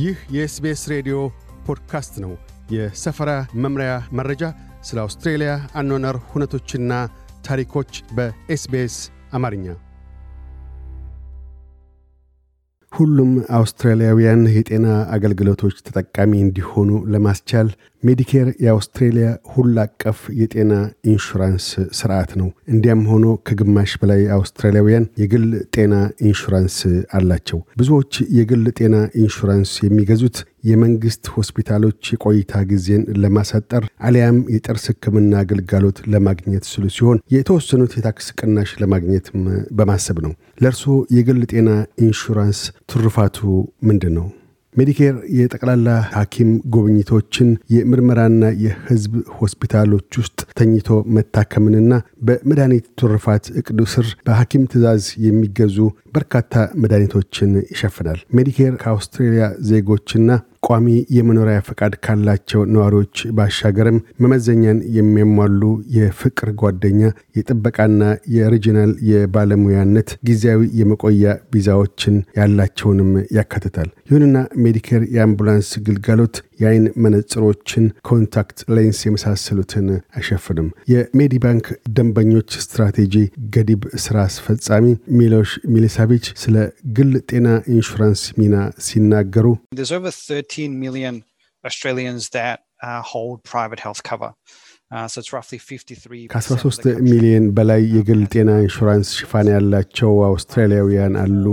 ይህ የኤስቤስ ሬዲዮ ፖድካስት ነው። የሰፈራ መምሪያ መረጃ፣ ስለ አውስትሬልያ አኗኗር ሁነቶችና ታሪኮች በኤስቤስ አማርኛ ሁሉም አውስትራሊያውያን የጤና አገልግሎቶች ተጠቃሚ እንዲሆኑ ለማስቻል ሜዲኬር የአውስትሬልያ ሁሉ አቀፍ የጤና ኢንሹራንስ ስርዓት ነው። እንዲያም ሆኖ ከግማሽ በላይ አውስትራሊያውያን የግል ጤና ኢንሹራንስ አላቸው። ብዙዎች የግል ጤና ኢንሹራንስ የሚገዙት የመንግስት ሆስፒታሎች የቆይታ ጊዜን ለማሳጠር አሊያም የጥርስ ህክምና አገልጋሎት ለማግኘት ስሉ ሲሆን የተወሰኑት የታክስ ቅናሽ ለማግኘት በማሰብ ነው። ለእርስ የግል ጤና ኢንሹራንስ ትሩፋቱ ምንድን ነው? ሜዲኬር የጠቅላላ ሐኪም ጉብኝቶችን፣ የምርመራና የህዝብ ሆስፒታሎች ውስጥ ተኝቶ መታከምንና በመድኃኒት ትሩፋት እቅዱ ስር በሐኪም ትዕዛዝ የሚገዙ በርካታ መድኃኒቶችን ይሸፍናል። ሜዲኬር ከአውስትሬልያ ዜጎችና ቋሚ የመኖሪያ ፈቃድ ካላቸው ነዋሪዎች ባሻገርም መመዘኛን የሚያሟሉ የፍቅር ጓደኛ፣ የጥበቃና የሪጂናል የባለሙያነት ጊዜያዊ የመቆያ ቪዛዎችን ያላቸውንም ያካትታል። ይሁንና ሜዲኬር የአምቡላንስ ግልጋሎት የአይን መነጽሮችን፣ ኮንታክት ሌንስ የመሳሰሉትን አይሸፍንም። የሜዲ ባንክ ደንበኞች ስትራቴጂ ገዲብ ስራ አስፈጻሚ ሚሎሽ ሚሊሳቪች ስለ ግል ጤና ኢንሹራንስ ሚና ሲናገሩ There's over Uh, uh, ከ13 ሚሊዮን በላይ የግል ጤና ኢንሹራንስ ሽፋን ያላቸው አውስትራሊያውያን አሉ።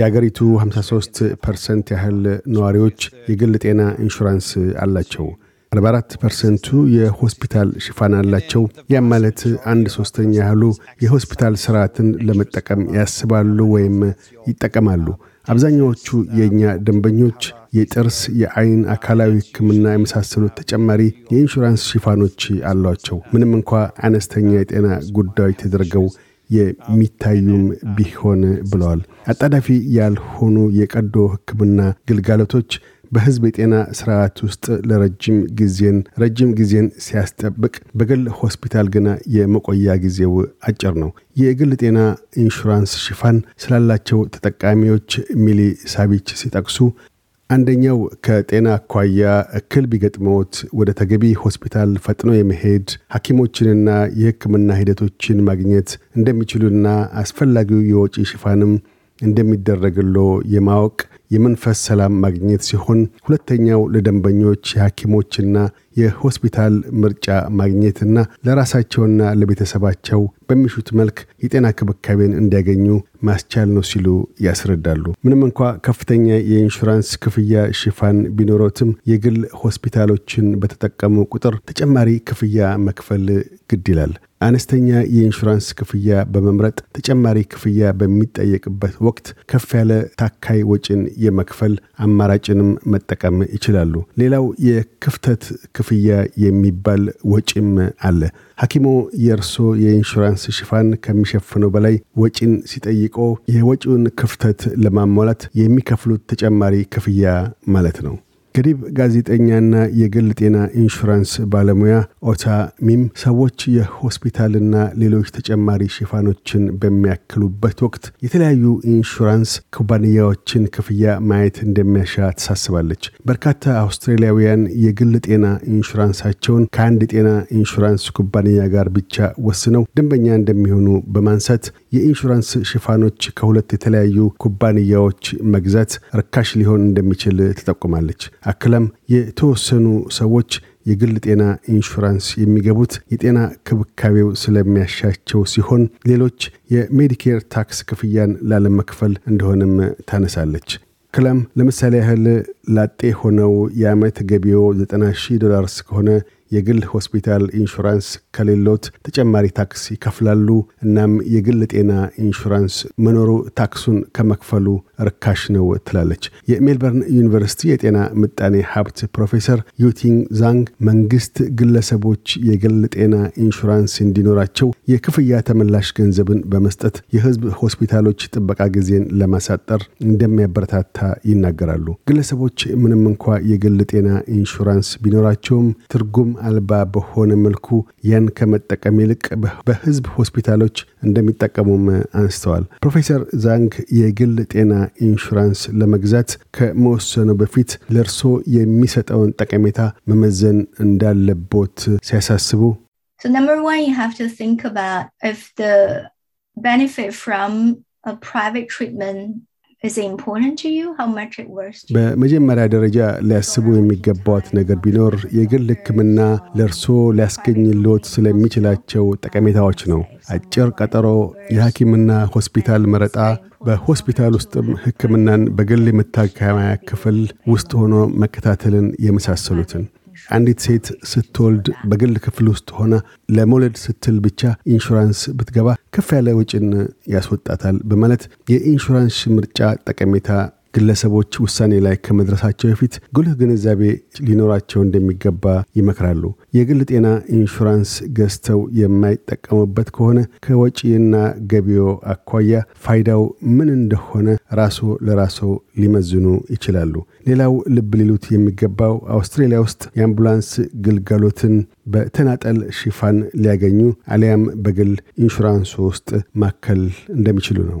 የአገሪቱ 53 ፐርሰንት ያህል ነዋሪዎች የግል ጤና ኢንሹራንስ አላቸው። 44 ፐርሰንቱ የሆስፒታል ሽፋን አላቸው። ያም ማለት አንድ ሶስተኛ ያህሉ የሆስፒታል ስርዓትን ለመጠቀም ያስባሉ ወይም ይጠቀማሉ። አብዛኛዎቹ የእኛ ደንበኞች የጥርስ፣ የአይን፣ አካላዊ ህክምና የመሳሰሉት ተጨማሪ የኢንሹራንስ ሽፋኖች አሏቸው። ምንም እንኳ አነስተኛ የጤና ጉዳዮች ተደርገው የሚታዩም ቢሆን ብለዋል። አጣዳፊ ያልሆኑ የቀዶ ህክምና ግልጋሎቶች በህዝብ የጤና ስርዓት ውስጥ ለረጅም ጊዜን ረጅም ጊዜን ሲያስጠብቅ በግል ሆስፒታል ግና የመቆያ ጊዜው አጭር ነው። የግል ጤና ኢንሹራንስ ሽፋን ስላላቸው ተጠቃሚዎች ሚሊ ሳቢች ሲጠቅሱ አንደኛው ከጤና አኳያ እክል ቢገጥመውት ወደ ተገቢ ሆስፒታል ፈጥኖ የመሄድ ሐኪሞችንና የህክምና ሂደቶችን ማግኘት እንደሚችሉና አስፈላጊው የወጪ ሽፋንም እንደሚደረግሎ የማወቅ የመንፈስ ሰላም ማግኘት ሲሆን ሁለተኛው ለደንበኞች የሐኪሞችና የሆስፒታል ምርጫ ማግኘትና ለራሳቸውና ለቤተሰባቸው በሚሹት መልክ የጤና ክብካቤን እንዲያገኙ ማስቻል ነው ሲሉ ያስረዳሉ። ምንም እንኳ ከፍተኛ የኢንሹራንስ ክፍያ ሽፋን ቢኖረትም የግል ሆስፒታሎችን በተጠቀሙ ቁጥር ተጨማሪ ክፍያ መክፈል ግድ ይላል። አነስተኛ የኢንሹራንስ ክፍያ በመምረጥ ተጨማሪ ክፍያ በሚጠየቅበት ወቅት ከፍ ያለ ታካይ ወጪን የመክፈል አማራጭንም መጠቀም ይችላሉ። ሌላው የክፍተት ክፍያ የሚባል ወጪም አለ። ሐኪሞ የእርሶ የኢንሹራንስ ሽፋን ከሚሸፍነው በላይ ወጪን ሲጠይቆ የወጪውን ክፍተት ለማሟላት የሚከፍሉት ተጨማሪ ክፍያ ማለት ነው። ገሪብ ጋዜጠኛና የግል ጤና ኢንሹራንስ ባለሙያ ኦታ ሚም ሰዎች የሆስፒታልና ሌሎች ተጨማሪ ሽፋኖችን በሚያክሉበት ወቅት የተለያዩ ኢንሹራንስ ኩባንያዎችን ክፍያ ማየት እንደሚያሻ ትሳስባለች። በርካታ አውስትራሊያውያን የግል ጤና ኢንሹራንሳቸውን ከአንድ የጤና ኢንሹራንስ ኩባንያ ጋር ብቻ ወስነው ደንበኛ እንደሚሆኑ በማንሳት የኢንሹራንስ ሽፋኖች ከሁለት የተለያዩ ኩባንያዎች መግዛት ርካሽ ሊሆን እንደሚችል ትጠቁማለች። አክለም የተወሰኑ ሰዎች የግል ጤና ኢንሹራንስ የሚገቡት የጤና ክብካቤው ስለሚያሻቸው ሲሆን ሌሎች የሜዲኬር ታክስ ክፍያን ላለመክፈል እንደሆነም ታነሳለች። ክለም ለምሳሌ ያህል ላጤ ሆነው የዓመት ገቢዎ 90 ዶላርስ ከሆነ የግል ሆስፒታል ኢንሹራንስ ከሌሎት ተጨማሪ ታክስ ይከፍላሉ። እናም የግል ጤና ኢንሹራንስ መኖሩ ታክሱን ከመክፈሉ ርካሽ ነው ትላለች። የሜልበርን ዩኒቨርሲቲ የጤና ምጣኔ ሀብት ፕሮፌሰር ዩቲንግ ዛንግ መንግስት ግለሰቦች የግል ጤና ኢንሹራንስ እንዲኖራቸው የክፍያ ተመላሽ ገንዘብን በመስጠት የህዝብ ሆስፒታሎች ጥበቃ ጊዜን ለማሳጠር እንደሚያበረታታ ይናገራሉ። ግለሰቦች ምንም እንኳ የግል ጤና ኢንሹራንስ ቢኖራቸውም ትርጉም አልባ በሆነ መልኩ ያን ከመጠቀም ይልቅ በህዝብ ሆስፒታሎች እንደሚጠቀሙም አንስተዋል። ፕሮፌሰር ዛንግ የግል ጤና ኢንሹራንስ ለመግዛት ከመወሰኑ በፊት ለእርሶ የሚሰጠውን ጠቀሜታ መመዘን እንዳለቦት ሲያሳስቡ So benefit from a private treatment በመጀመሪያ ደረጃ ሊያስቡ የሚገባት ነገር ቢኖር የግል ሕክምና ለእርስዎ ሊያስገኝልዎት ስለሚችላቸው ጠቀሜታዎች ነው። አጭር ቀጠሮ፣ የሐኪምና ሆስፒታል መረጣ፣ በሆስፒታል ውስጥም ሕክምናን በግል የመታከሚያ ክፍል ውስጥ ሆኖ መከታተልን የመሳሰሉትን አንዲት ሴት ስትወልድ በግል ክፍል ውስጥ ሆና ለመውለድ ስትል ብቻ ኢንሹራንስ ብትገባ ከፍ ያለ ውጭን ያስወጣታል በማለት የኢንሹራንስ ምርጫ ጠቀሜታ ግለሰቦች ውሳኔ ላይ ከመድረሳቸው በፊት ጉልህ ግንዛቤ ሊኖራቸው እንደሚገባ ይመክራሉ። የግል ጤና ኢንሹራንስ ገዝተው የማይጠቀሙበት ከሆነ ከወጪና ገቢዮ አኳያ ፋይዳው ምን እንደሆነ ራሶ ለራሶ ሊመዝኑ ይችላሉ። ሌላው ልብ ሊሉት የሚገባው አውስትሬሊያ ውስጥ የአምቡላንስ ግልጋሎትን በተናጠል ሽፋን ሊያገኙ አሊያም በግል ኢንሹራንሱ ውስጥ ማከል እንደሚችሉ ነው።